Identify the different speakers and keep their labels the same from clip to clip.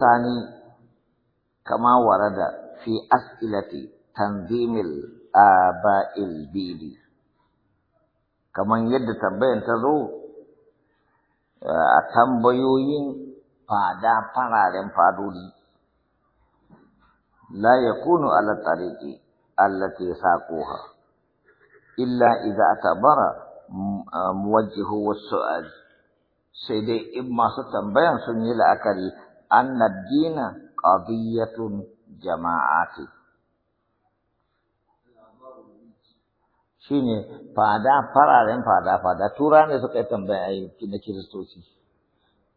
Speaker 1: الثاني كما ورد في أسئلة تنظيم الآباء البيلي كما يد تبين تذو بيوين فادا فرارين فادولي لا يكون على الطريق التي ساقوها إلا إذا أتبر آه، موجه والسؤال سيدي dai in masu tambayan sun أن الدين قضية جماعات shine fada fararen fada fada tura ne suka yi tambaya ayyuki na kiristoci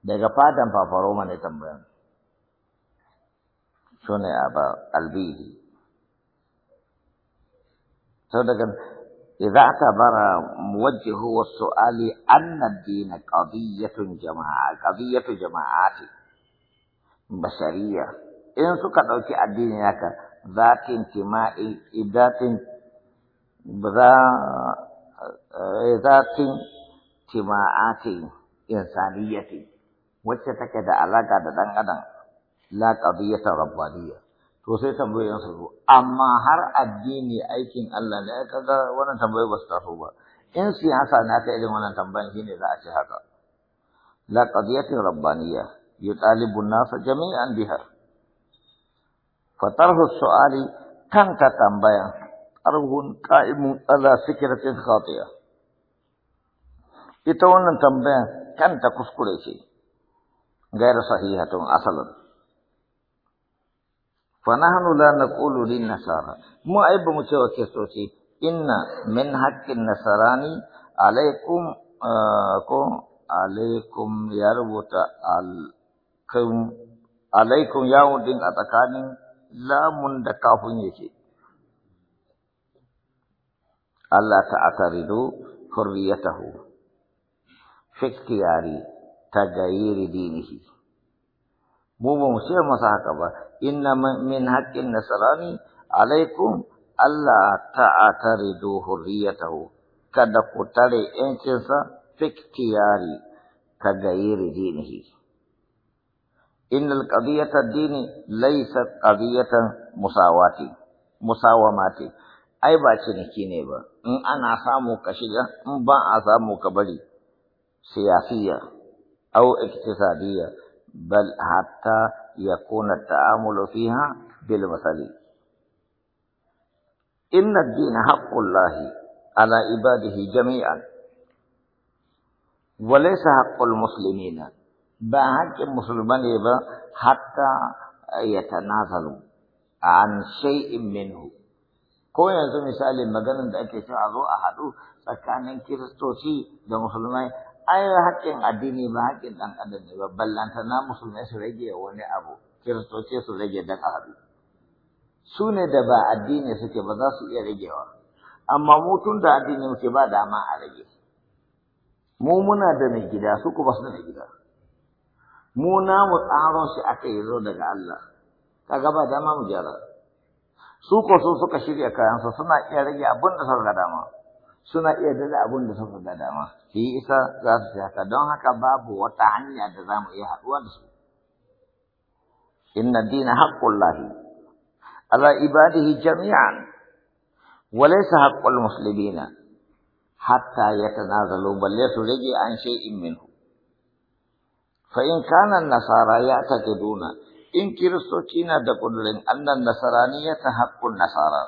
Speaker 1: daga fadan fafaroma ne tambayan su ne a albidi sau daga إذا اعتبر موجه السؤال أن الدين قضية جماعة قضية جماعات basariya in suka ɗauki addini haka zakin tima'i idatin zatin tima'ati eh, insaniyati wacce take da alaka da ɗan adam la qadiyata rabbaniyya to sai tambayoyin su zo amma har addini aikin Allah ne ga wannan tambayoyi ba su taso ba in siyasa na ta irin wannan tambayan shine za a ci haka la qadiyata yutalibun nasa jami'an bihar. Fatarhu su'ali kan ka tambaya arhun ka'imun tsada sikiratin khatiya. Ita wannan tambaya kan ta kuskure ce gaira sahihatun asalin. فنحن لا نقول للنصارى ما ايب مچو كيسوتي ان من حق النصراني عليكم آه, عليكم يربط kun alaikum yawon din a tsakanin lamun da kafin yake Allah ta ta'taridu hurriyatahu fikiyari ta tagayyiri dinihi mu ba mu ce masa haka ba inna min haqqin nasrani alaikum Allah ta ta'taridu hurriyatahu kada ku tare yancinsa fiktiyari ka gairi dinihi إن القضية الدين ليست قضية مساواة مساومات أي ني با إن أنا سامو كشيغا إن با أسامو كبري سياسية أو اقتصادية بل حتى يكون التعامل فيها بالمثل إن الدين حق الله على عباده جميعا وليس حق المسلمين ba hakkin musulman ne ba hatta ya tanazalu an in minhu ko yanzu misali maganar da ake cewa a zo a haɗu tsakanin kiristoci da musulmai ai haƙƙin addini ba haƙƙin ɗan adam ne ba ballanta na musulmai su rage wani abu kiristoci su rage dan a haɗu su ne da ba addini suke ba za su iya ragewa amma mu tun da addini muke ba dama a rage mu muna da mai gida su ku ba su da gida mu namu tsaron shi aka yi zo daga Allah ka gaba dama mu gyara su ko su suka shirya kayan su, suna iya rage abun da suka dama suna iya dada abin da suka dama shi isa za su haka don haka babu wata hanya da za mu iya haɗuwa da su inna dina lahi ala ibadihi jami'an وليس حق المسلمين hatta يتنازلوا بل rage an shay'in minhu فإن كان النصارى يعتقدون إن كريستوتين دقل أن النصرانية حق النصارى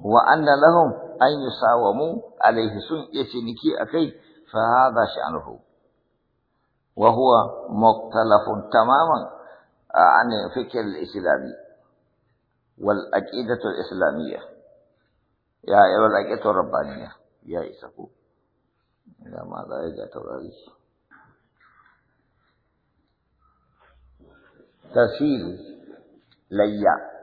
Speaker 1: وأن لهم أن يساوموا عليه سن يتنكي أكي فهذا شأنه وهو مختلف تماما عن الفكر الإسلامي والأجئدة الإسلامية يا والعقيدة الربانية يا إساقو يا ماذا يا توراريش تسيل ليا